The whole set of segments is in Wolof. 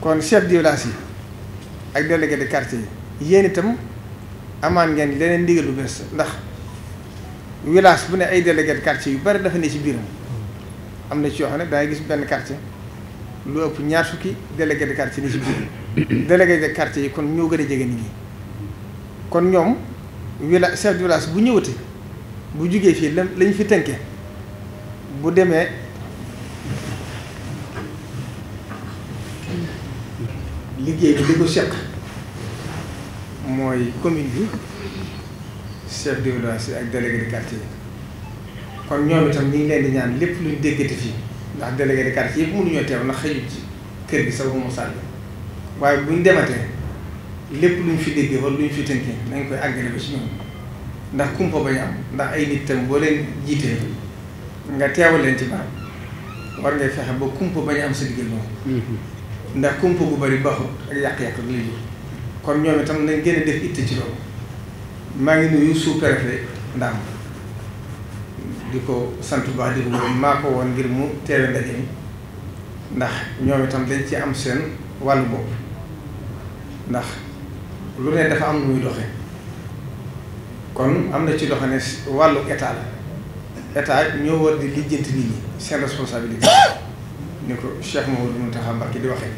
kon chef de yi ak délégué de yi yéen itam amaan ngeen leneen ndigal lu bees ndax village bu ne ay délégué de yu bari dafa ne ci biiram am na ci yoo xam ne dangay gis benn quartier lu ëpp ñaar sukki délégué de quartier ni ci biir délégué de yi kon ñoo gën a jege nit ñi kon ñoom village chef de bu ñëwati bu jugee fii la lañu fi tënke bu demee liggéey bi li ko seq mooy commune bi chef de village ak délégué quartier kon ñoom itam ñu ngi leen di ñaan lépp luñ déggati fii ndax délégué de quartier yëpp mënuñoo teew ndax xëyut ci kër gi sababu mu sànni waaye buñ dematee lépp luñ fi déggee wala luñ fi tënkee nañ koy àggale ba ci ñoom ndax kumpa bañ am ndax ay nit tam boo leen jiitee nga teewal leen ci baax war ngay fexe ba kumpa bañ am sa diggante moom. Mm-hmm. ndax kumpa gu bari baaxut ak yàq-yàq lay jur kon ñoom itam nañ gën a def itte ci loolu maa ngi nuyu sous-préfet Ndam di ko sant baax di ko maa ko woon ngir mu teewe ndaje ndax ñoom itam dañ ci am seen wàllu bopp ndax lu ne dafa am lu muy doxe kon am na ci doxe ne wàllu état la état ñoo war di lijjanti nit ñi seen responsabilité ni ko Cheikh Mawlud Mountakha Mbacké di waxee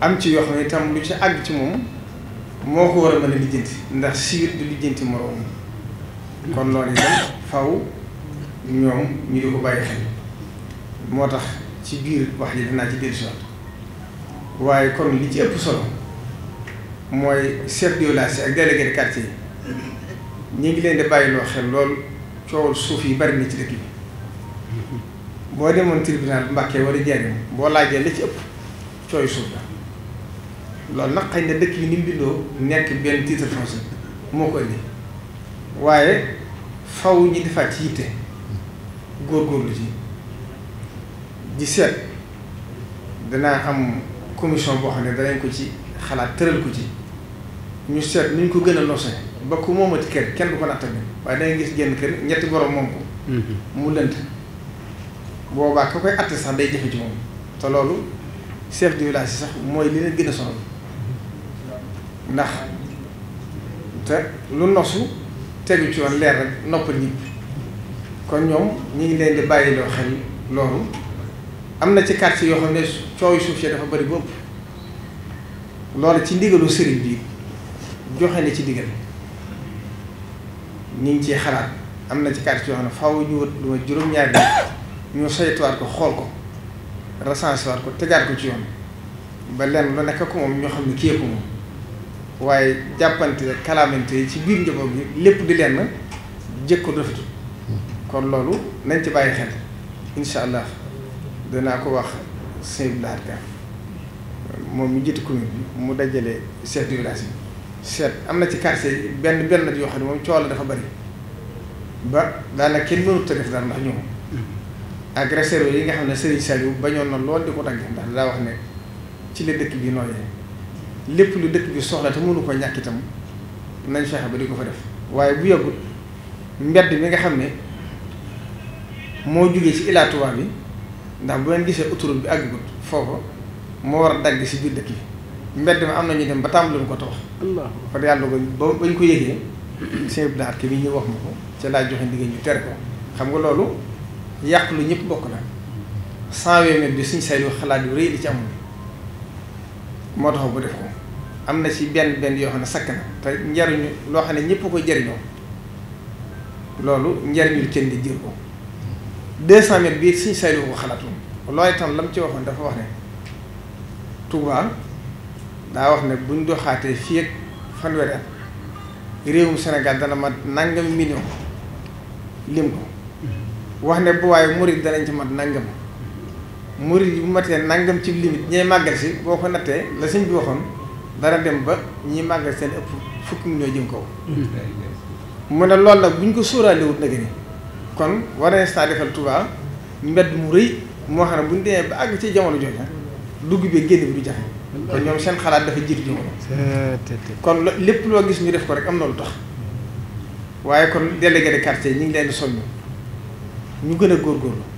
am ci yoo xam ne itam lu ci àgg ci moom moo ko war a mën a lijjanti ndax siwit du lijjanti moroom kon loolu itam faw ñoom ñu di ko bàyyi xel moo tax ci biir wax ji dinaa ci dellusiwaat waaye kon li ci ëpp solo mooy chef de village ak délégué de quartier yi ñu ngi leen di bàyyiloo xel lool coowul suuf yi bari na ci dëkk bi boo demoon tribunal bu Mbàkke wala Njaaréem boo laajee la ci ëpp cooy suuf la loolu nag xëy na dëkk yi ni mu bindoo nekk benn titre foncier moo ko indi waaye faw ñi defaat ci yitte góorlu ci ji seet danaa am commission boo xam ne danañ ko ci xalaat tëral ko ci ñu seet nu ñu ko gën a noose ba ku moomati kër kenn du ko natt tamit waaye dangay gis genn kër ñetti borom moom ko mm-hmm. mu lënt boobaa ku koy atte sax day jafe ci moom te loolu chef de village sax mooy li leen gën a sonal ndax te lu nosu tegu ci woon leer rek noppal ñëpp kon ñoom ñu ngi leen di bàyyi loo xel loolu am na ci quartier yoo xam ne cooyu suuf si dafa bari bu loolu ci ndigalu sëriñ bi joxe na ci ndigal ñu ngi ciy xalaat am na ci quartier yoo xam ne faaw ñu wut lu ma juróom-ñaari ñu saytuwaat ko xool ko recensé waat ko tegaat ko ci yoon ba lenn lu nekk ko moom ñoo xam ne kii ko moom waaye jàppante kalaamante yi ci biir njaboot bi lépp di lenn jëkko dofatu kon loolu nañ ci bàyyi xel incha allah danaa ko wax sëñ moom mu jiite commune mu dajale seet de village yi seet am na ci quartier yi benn benn yoo xam ne moom coow la dafa bari ba daanaka kenn mënut a def dara ndax ñoom. ak réserve yi nga xam ne Serigne Saliou bañoon na lool di ko tagge ndax daa wax ne ci la dëkk bi nooyee lépp lu dëkk bi soxla te mënu ko ñàkk itam nañ fexe ba di ko fa def waaye bu yàggul mbedd mi nga xam ne moo jugee ci Ila Touba bi ndax bu ngeen gisee autoroute bi àggut foofu moo war dagg si biir dëkk yi mbedd mi am na ñu dem ba tàmbaloon ko tax. kon yàlla ba bañ ko yëgee sëñ Abdou Lahad ki bi ñuy wax ma ko ca laa joxe ndigal ñu tere ko xam nga loolu. yàq lu ñëpp bokk na cent vingt mètres bi suñ say xalaat yu rëy li ci amul moo tax bu def ko am na ci benn benn yoo xam ne sakk na te njariñu loo xam ne ñëpp ko jariñoo loolu njariñul kenn di jër ko deux cent mètres bi suñ say lu ko xalaatu loolu itam la mu ci waxoon dafa wax ne Touba daa wax ne buñ doxaatee fii ak fanweeri at réewum Sénégal dana mat nangam million lim ko wax ne bu waaye murid danañ ci mat nangam murid yi bu matee nangam ci limite ñee màggal si boo ko nattee la sëñ bi waxoon dara dem ba ñi màggal seen ëpp fukki ñoo jëm kaw. mu ne loolu nag bu ñu ko sóoraalewut nag ni kon war nañ saa defal Touba mbedd mu rëy moo xam ne bu ñu demee ba àgg ci jamono jooju dugg bi génn bi du jafe. kon ñoom seen xalaat dafa jiitu jamono. kon lépp loo gis ñu def ko rek am na lu tax waaye kon délégué de quartier ñi ngi leen di soññu. ñu gën a góorgóorlu